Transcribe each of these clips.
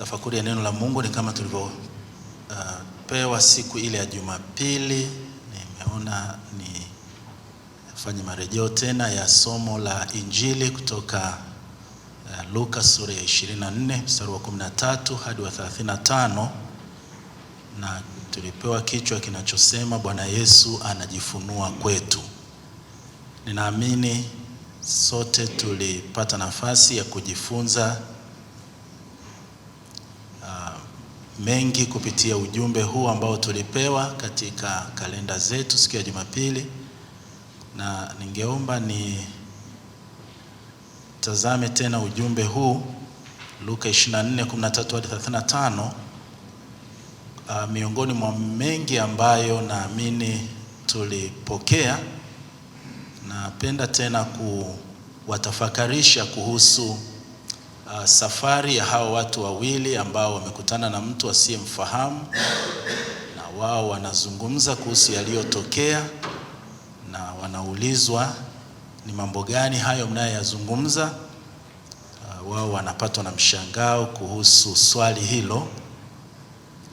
tafakuri ya neno la Mungu ni kama tulivyopewa uh, siku ile ya Jumapili. Nimeona nifanye marejeo tena ya somo la Injili kutoka uh, Luka sura ya 24 mstari wa 13 hadi wa 35 na tulipewa kichwa kinachosema Bwana Yesu anajifunua kwetu. Ninaamini sote tulipata nafasi ya kujifunza mengi kupitia ujumbe huu ambao tulipewa katika kalenda zetu siku ya Jumapili, na ningeomba ni tazame tena ujumbe huu Luka 24:13 hadi 35, ah, miongoni mwa mengi ambayo naamini tulipokea. Napenda tena kuwatafakarisha kuhusu uh, safari ya hao watu wawili ambao wamekutana na mtu asiyemfahamu na wao wanazungumza kuhusu yaliyotokea na wanaulizwa ni mambo gani hayo mnayoyazungumza. Uh, wao wanapatwa na mshangao kuhusu swali hilo,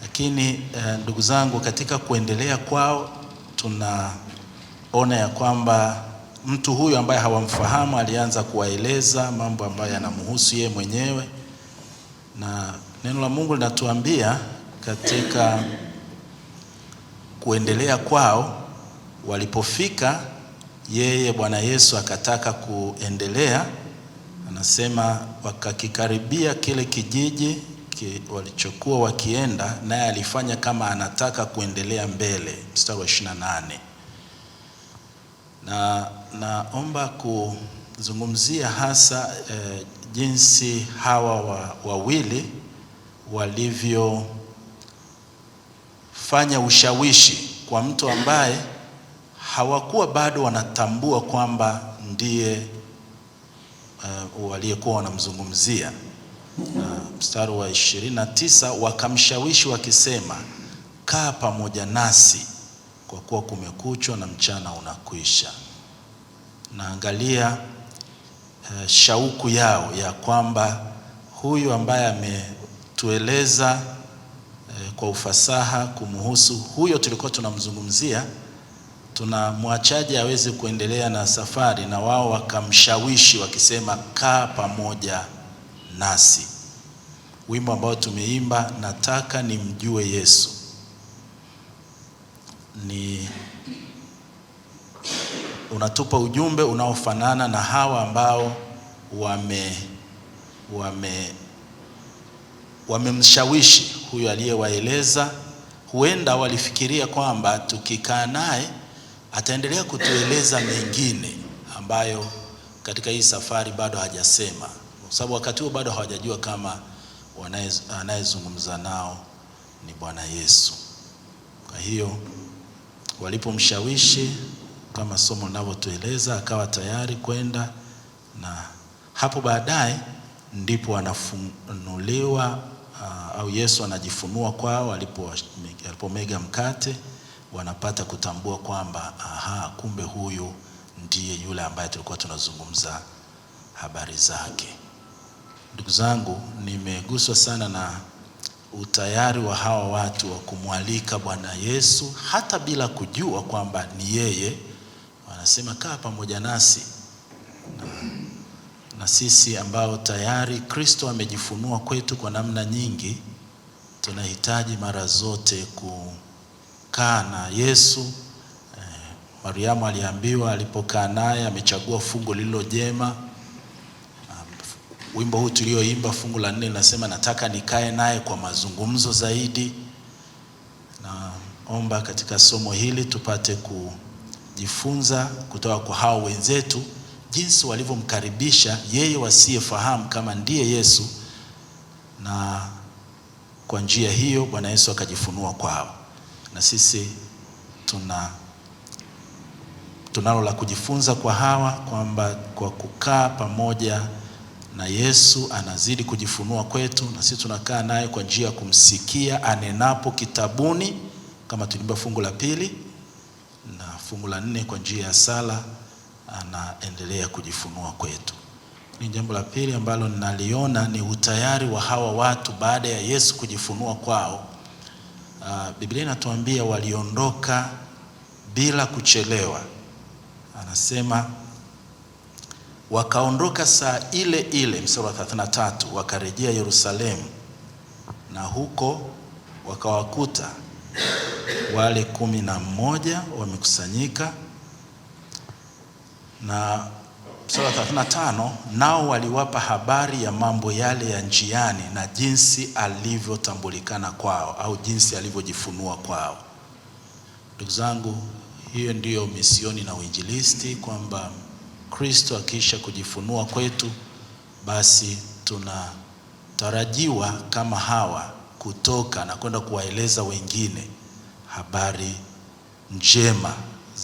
lakini uh, ndugu zangu, katika kuendelea kwao tunaona ya kwamba mtu huyu ambaye hawamfahamu alianza kuwaeleza mambo ambayo yanamhusu yeye mwenyewe, na neno la Mungu linatuambia katika kuendelea kwao walipofika, yeye Bwana Yesu akataka kuendelea. Anasema wakakikaribia kile kijiji ki, walichokuwa wakienda, naye alifanya kama anataka kuendelea mbele. Mstari wa 28 na naomba kuzungumzia hasa eh, jinsi hawa wawili wa walivyofanya ushawishi kwa mtu ambaye hawakuwa bado wanatambua kwamba ndiye uh, waliyekuwa wanamzungumzia. Uh, mstari wa 29 wakamshawishi wakisema, kaa pamoja nasi kwa kuwa kumekuchwa na mchana unakwisha. Naangalia uh, shauku yao ya kwamba huyu ambaye ametueleza uh, kwa ufasaha kumhusu huyo tulikuwa tunamzungumzia, tunamwachaje aweze kuendelea na safari? Na wao wakamshawishi wakisema, kaa pamoja nasi. Wimbo ambao tumeimba nataka nimjue Yesu ni unatupa ujumbe unaofanana na hawa ambao wame wame wamemshawishi huyo aliyewaeleza. Huenda walifikiria kwamba tukikaa naye ataendelea kutueleza mengine ambayo katika hii safari bado hajasema, kwa sababu wakati huo bado hawajajua kama anayezungumza nao ni Bwana Yesu. Kwa hiyo Walipomshawishi kama somo linavyotueleza, akawa tayari kwenda, na hapo baadaye ndipo anafunuliwa uh, au Yesu anajifunua kwao alipomega mkate, wanapata kutambua kwamba aha, kumbe huyu ndiye yule ambaye tulikuwa tunazungumza habari zake. Ndugu zangu, nimeguswa sana na utayari wa hawa watu wa kumwalika Bwana Yesu hata bila kujua kwamba ni yeye. Wanasema kaa pamoja nasi na, na sisi ambao tayari Kristo amejifunua kwetu kwa namna nyingi, tunahitaji mara zote kukaa na Yesu. Eh, Mariamu aliambiwa alipokaa naye amechagua fungu lililo jema Wimbo huu tulioimba fungu la nne nasema nataka nikae naye kwa mazungumzo zaidi. Naomba katika somo hili tupate kujifunza kutoka kwa hao wenzetu jinsi walivyomkaribisha yeye wasiyefahamu kama ndiye Yesu, na kwa njia hiyo Bwana Yesu akajifunua kwao, na sisi tuna tunalo la kujifunza kwa hawa kwamba kwa kukaa pamoja na Yesu anazidi kujifunua kwetu, na sisi tunakaa naye kwa njia ya kumsikia anenapo kitabuni, kama tulimba fungu la pili na fungu la nne. Kwa njia ya sala anaendelea kujifunua kwetu. Ni jambo la pili ambalo ninaliona ni utayari wa hawa watu baada ya Yesu kujifunua kwao. Ah, Biblia inatuambia waliondoka bila kuchelewa, anasema Wakaondoka saa ile ile, mstari wa 33, wakarejea Yerusalemu, na huko wakawakuta wale kumi na mmoja wamekusanyika. Na mstari wa 35, nao waliwapa habari ya mambo yale ya njiani na jinsi alivyotambulikana kwao au jinsi alivyojifunua kwao. Ndugu zangu, hiyo ndiyo misioni na uinjilisti kwamba Kristo akiisha kujifunua kwetu, basi tunatarajiwa kama hawa kutoka na kwenda kuwaeleza wengine habari njema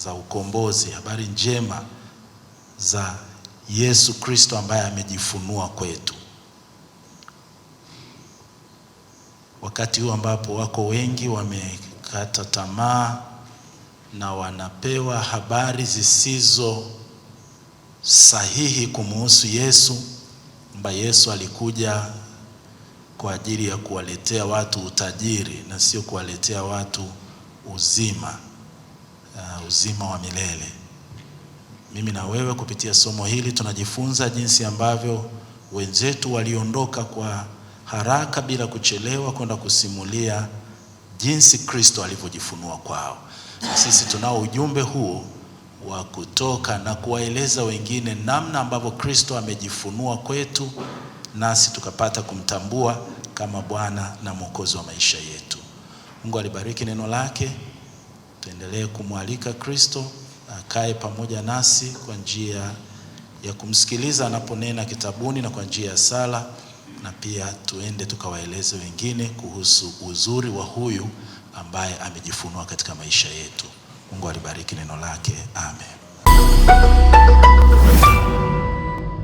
za ukombozi, habari njema za Yesu Kristo ambaye amejifunua kwetu. Wakati huu ambapo wako wengi wamekata tamaa na wanapewa habari zisizo sahihi kumuhusu Yesu kwamba Yesu alikuja kwa ajili ya kuwaletea watu utajiri na sio kuwaletea watu uzima, uh, uzima wa milele. Mimi na wewe kupitia somo hili tunajifunza jinsi ambavyo wenzetu waliondoka kwa haraka bila kuchelewa kwenda kusimulia jinsi Kristo alivyojifunua kwao, na sisi tunao ujumbe huo wa kutoka na kuwaeleza wengine namna ambavyo Kristo amejifunua kwetu, nasi tukapata kumtambua kama Bwana na Mwokozi wa maisha yetu. Mungu alibariki neno lake. Tuendelee kumwalika Kristo akae pamoja nasi kwa njia ya kumsikiliza anaponena kitabuni na kwa njia ya sala, na pia tuende tukawaeleze wengine kuhusu uzuri wa huyu ambaye amejifunua katika maisha yetu. Mungu alibariki neno lake. Amen.